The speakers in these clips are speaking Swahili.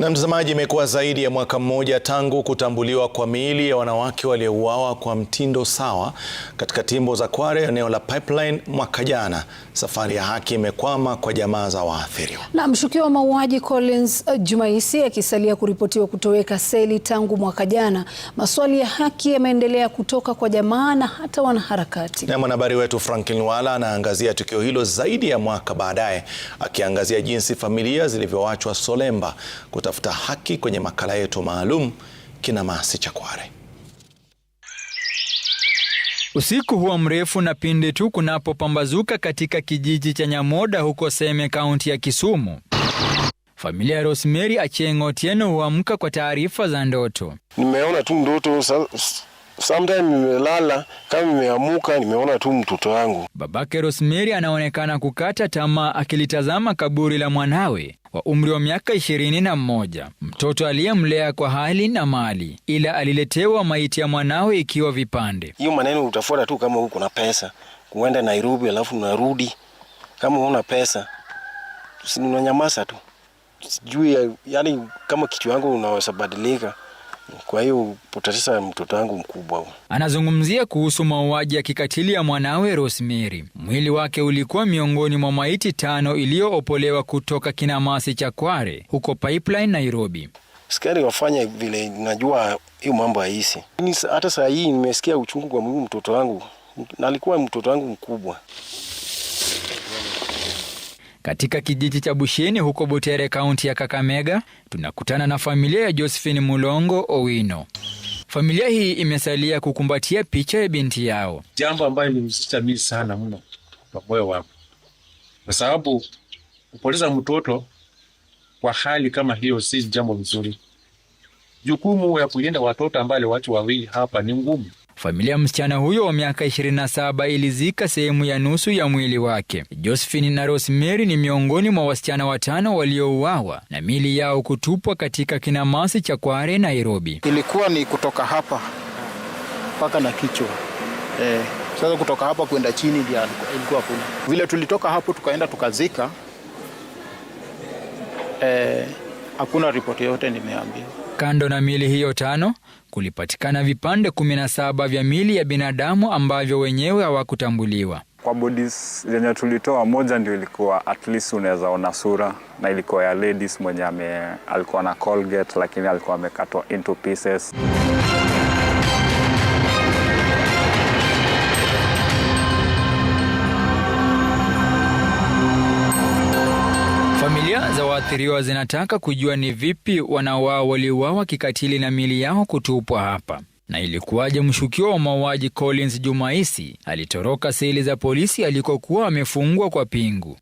Na mtazamaji, imekuwa zaidi ya mwaka mmoja tangu kutambuliwa kwa miili ya wanawake waliouawa kwa mtindo sawa katika timbo za Kware eneo la Pipeline mwaka jana. Safari ya haki imekwama kwa jamaa za waathiriwa. Na mshukiwa wa mauaji Collins eh, Jumaisi akisalia kuripotiwa kutoweka seli tangu mwaka jana, maswali ya haki yameendelea kutoka kwa jamaa na hata wanaharakati. Na mwanahabari wetu Franklin Wala anaangazia tukio hilo zaidi ya mwaka baadaye, akiangazia jinsi familia zilivyoachwa solemba kuta kutafuta haki kwenye makala yetu maalum Kinamasi cha Kware. Usiku huwa mrefu na pindi tu kunapopambazuka katika kijiji cha Nyamoda huko Seme, kaunti ya Kisumu, familia ya Rosemary Achieng' Otieno huamka kwa taarifa za ndoto. Nimeona tu ndoto sometime nimelala kama nimeamuka nimeona tu mtoto wangu. Babake Rosemary anaonekana kukata tamaa akilitazama kaburi la mwanawe wa umri wa miaka ishirini na mmoja, mtoto aliyemlea kwa hali na mali, ila aliletewa maiti ya mwanawe ikiwa vipande. Hiyo maneno utafuata tu kama huko na pesa kuenda Nairobi, alafu unarudi kama una pesa unanyamasa tu, sijui yani kama kitu yangu unaweza badilika. Kwa hiyo utatesa mtoto wangu mkubwa. Anazungumzia kuhusu mauaji ya kikatili ya mwanawe Rosemary. Mwili wake ulikuwa miongoni mwa maiti tano iliyoopolewa kutoka kinamasi cha Kware huko Pipeline, Nairobi. Sikari wafanya vile, najua hiyo mambo haisi. Hata saa hii nimesikia uchungu kwa mtoto wangu, na alikuwa mtoto wangu mkubwa. Katika kijiji cha Bushini huko Butere, kaunti ya Kakamega, tunakutana na familia ya Josephine Mulongo Owino. Familia hii imesalia kukumbatia picha ya binti yao, jambo ambayo ilimsita mimi sana mno kwa moyo wangu, kwa sababu kupoteza mtoto kwa hali kama hiyo si jambo mzuri. Jukumu ya kulinda watoto ambayo watu wawili hapa ni ngumu. Familia msichana huyo wa miaka 27 ilizika sehemu ya nusu ya mwili wake. Josephine na Rosemary ni miongoni mwa wasichana watano waliouawa na mili yao kutupwa katika kinamasi cha Kware, Nairobi. Ilikuwa ni kutoka hapa mpaka na kichwa eh. Sasa kutoka hapa kwenda chini ndio ilikuwa kuna vile tulitoka hapo tukaenda tukazika eh hakuna ripoti yoyote nimeambiwa. Kando na miili hiyo tano, kulipatikana vipande 17 vya miili ya binadamu ambavyo wenyewe hawakutambuliwa. Kwa bodies zenye tulitoa, moja ndio ilikuwa at least unaweza ona sura, na ilikuwa ya ladies mwenye alikuwa na Colgate, lakini alikuwa amekatwa into pieces waathiriwa zinataka kujua ni vipi wanawao waliuawa kikatili na mili yao kutupwa hapa na ilikuwaje mshukiwa wa mauaji Collins Jumaisi alitoroka seli za polisi alikokuwa amefungwa kwa pingu.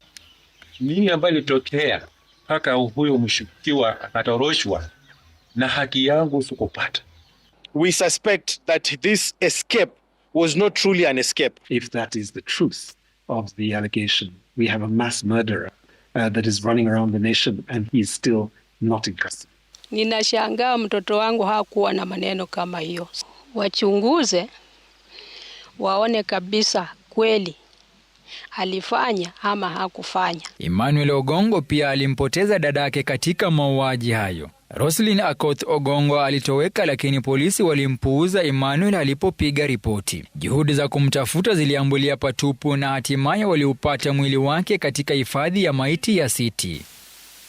Nini ambayo ilitokea mpaka huyo mshukiwa akatoroshwa na haki yangu sikupata? We suspect that this escape was not truly an escape. If that is the truth of the allegation, we have a mass murderer. Uh, that is running around the nation and he is still not in custody. Ninashangaa mtoto wangu hakuwa na maneno kama hiyo. Wachunguze waone kabisa kweli alifanya ama hakufanya. Emmanuel Ogongo pia alimpoteza dadake katika mauaji hayo. Roslin Akoth Ogongo alitoweka lakini polisi walimpuuza Emmanuel alipopiga ripoti. Juhudi za kumtafuta ziliambulia patupu na hatimaye waliupata mwili wake katika hifadhi ya maiti ya City.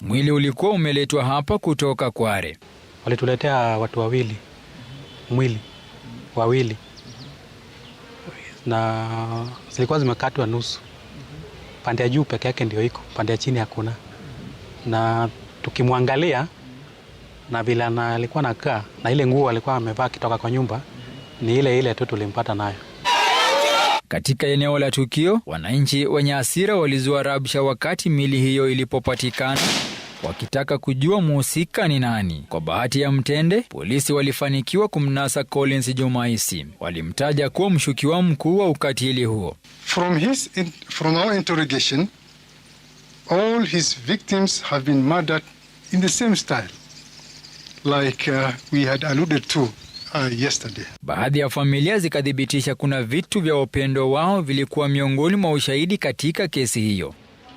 Mwili ulikuwa umeletwa hapa kutoka Kware. Walituletea watu wawili mwili wawili, na zilikuwa zimekatwa nusu, pande ya juu peke yake ndio iko, pande ya chini hakuna, na tukimwangalia na vile alikuwa nakaa na ile nguo alikuwa amevaa kitoka kwa nyumba ni ile ile tu tulimpata nayo. Katika eneo la tukio, wananchi wenye hasira walizua rabsha wakati mili hiyo ilipopatikana, wakitaka kujua muhusika ni nani. Kwa bahati ya mtende, polisi walifanikiwa kumnasa Collins Jumaisi, walimtaja kuwa mshukiwa mkuu wa ukatili huo. From his in, from our interrogation all his victims have been murdered in the same style like, uh, we had alluded to. Uh, yesterday. Baadhi ya familia zikathibitisha kuna vitu vya wapendo wao vilikuwa miongoni mwa ushahidi katika kesi hiyo.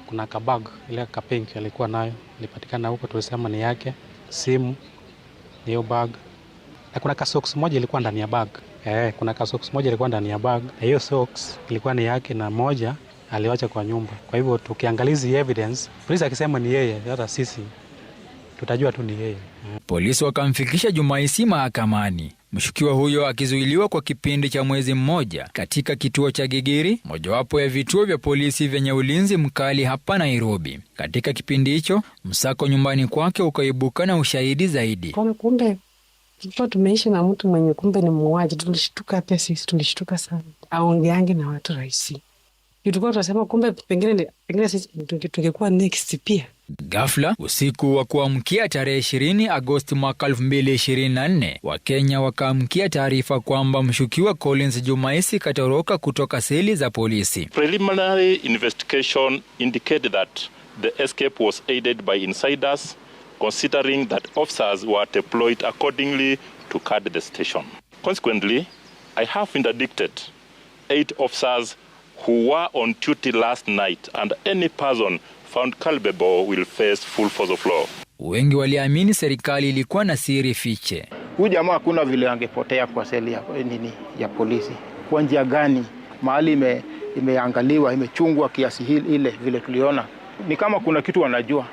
Kuna kabag ile kapink alikuwa nayo ilipatikana huko, tulisema ni yake, simu ni hiyo bag, na kuna kasoks moja ilikuwa ndani ya bag eh, kuna kasoks moja ilikuwa ndani ya bag, na hiyo socks ilikuwa ni yake na moja aliwacha kwa nyumba. Kwa hivyo tukiangalizi evidence, polisi akisema ni yeye, hata sisi tutajua tu ni yeye. Polisi wakamfikisha Jumaisi mahakamani, mshukiwa huyo akizuiliwa kwa kipindi cha mwezi mmoja katika kituo cha Gigiri, mojawapo ya vituo vya polisi vyenye ulinzi mkali hapa Nairobi. Katika kipindi hicho, msako nyumbani kwake ukaibuka na ushahidi zaidi. Kumbe tulikuwa tumeishi na mtu mwenye kumbe ni muuaji. Tulishtuka pia sisi, tulishtuka sana. na watu rahisi, tulikuwa tunasema kumbe pengine, pengine sisi tungekuwa next pia Ghafla usiku wa kuamkia tarehe 20 Agosti mwaka 2024, Wakenya wakaamkia taarifa kwamba mshukiwa Collins Jumaisi katoroka kutoka seli za polisi. Preliminary investigation indicated that the escape was aided by insiders considering that officers were deployed accordingly to guard the station. Consequently, I have interdicted eight officers who were on duty last night and any person found culpable will face full force of law. Wengi waliamini serikali ilikuwa na siri fiche. Huyu jamaa hakuna vile angepotea kwa seli ya nini ya polisi. Kwa njia gani mahali ime, imeangaliwa imechungwa kiasi hili ile vile tuliona ni kama kuna kitu wanajua.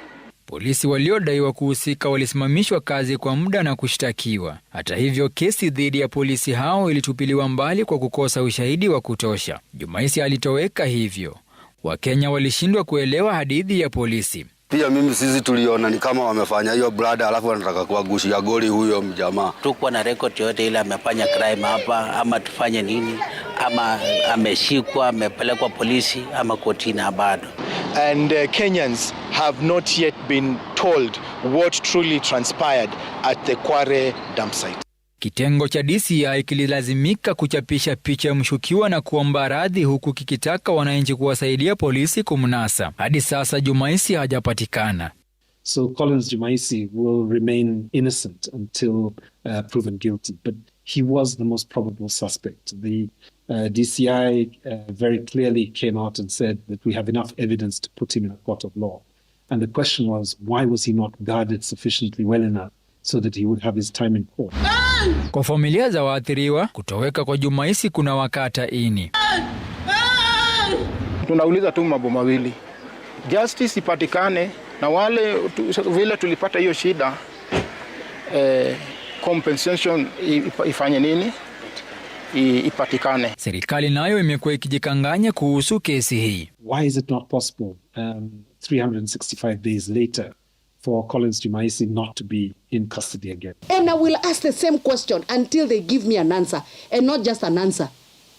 Polisi waliodaiwa kuhusika walisimamishwa kazi kwa muda na kushtakiwa. Hata hivyo, kesi dhidi ya polisi hao ilitupiliwa mbali kwa kukosa ushahidi wa kutosha. Jumaisi alitoweka hivyo. Wakenya walishindwa kuelewa hadithi ya polisi. Pia mimi sisi tuliona ni kama wamefanya hiyo brada, alafu wanataka kuwagushia goli huyo mjamaa. Tukuwa na rekodi yote ile amefanya crime hapa, ama tufanye nini? Ama ameshikwa amepelekwa polisi ama kotini? Bado. And uh, Kenyans have not yet been told what truly transpired at the Kware dump site. Kitengo cha DCI kililazimika kuchapisha picha ya mshukiwa na kuomba radhi huku kikitaka wananchi kuwasaidia polisi kumnasa. Hadi sasa Jumaisi hajapatikana. So Collins Jumaisi will remain innocent until uh, proven guilty, but he was the most probable suspect. The uh, DCI uh, very clearly came out and said that we have enough evidence to put him in a court of law. And the question was, why was he not guarded sufficiently well enough so that he would have his time in court. Kwa familia za waathiriwa kutoweka kwa Jumaisi kuna wakata ini. Tunauliza tu mambo mawili, justice ipatikane na wale tu, vile tulipata hiyo shida eh, compensation ifanye nini ipatikane. Serikali nayo imekuwa ikijikanganya kuhusu kesi hii. Why is it not possible um, 365 days later for Collins Jumaisi not to be in custody again. And I will ask the same question until they give me an answer, and not just an answer,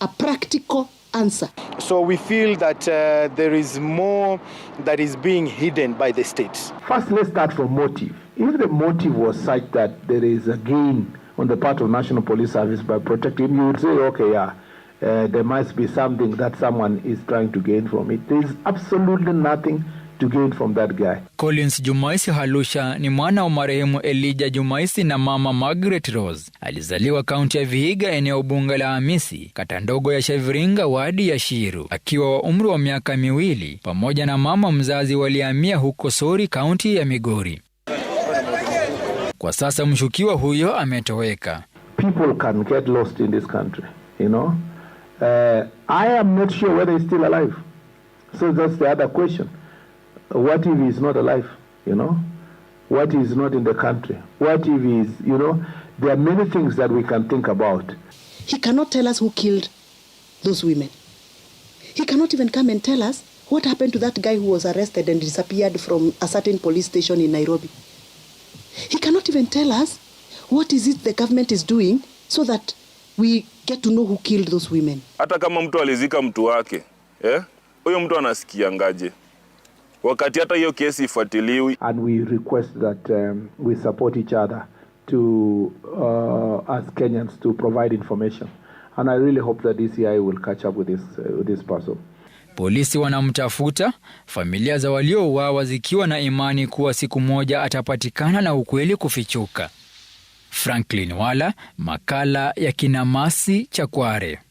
a practical answer. So we feel that uh, there is more that is being hidden by the state. First, let's start from motive. If the motive was such that there is a gain on the part of National Police Service by protecting him, you would say, okay, yeah. Uh, there must be something that someone is trying to gain from it. There is absolutely nothing to gain from that guy. Collins Jumaisi Halusha ni mwana wa marehemu Elijah Jumaisi na mama Margaret Rose. Alizaliwa kaunti ya Vihiga, eneo bunge la Hamisi, kata ndogo ya Shaviringa, wadi ya Shiru. Akiwa wa umri wa miaka miwili, pamoja na mama mzazi walihamia huko Sori, kaunti ya Migori. Kwa sasa mshukiwa huyo ametoweka. People can get lost in this country, you know? Uh, I am not sure whether he's still alive. So that's the other question. What if he's is not alive? You know, what is not in the country? What if he's you know, there are many things that we can think about. He cannot tell us who killed those women. He cannot even come and tell us what happened to that guy who was arrested and disappeared from a certain police station in Nairobi. He cannot even tell us what is it the government is doing so that we get to know who killed those women. Hata kama mtu alizika mtu wake, eh? Huyo mtu ngaje wakati hata hiyo kesi ifuatiliwi. And we request that um, we support each other to uh, as Kenyans to provide information and I really hope that DCI will catch up with this, uh, with this person. Polisi wanamtafuta, familia za waliouawa zikiwa na imani kuwa siku moja atapatikana na ukweli kufichuka. Franklin Wala, makala ya kinamasi cha Chakware.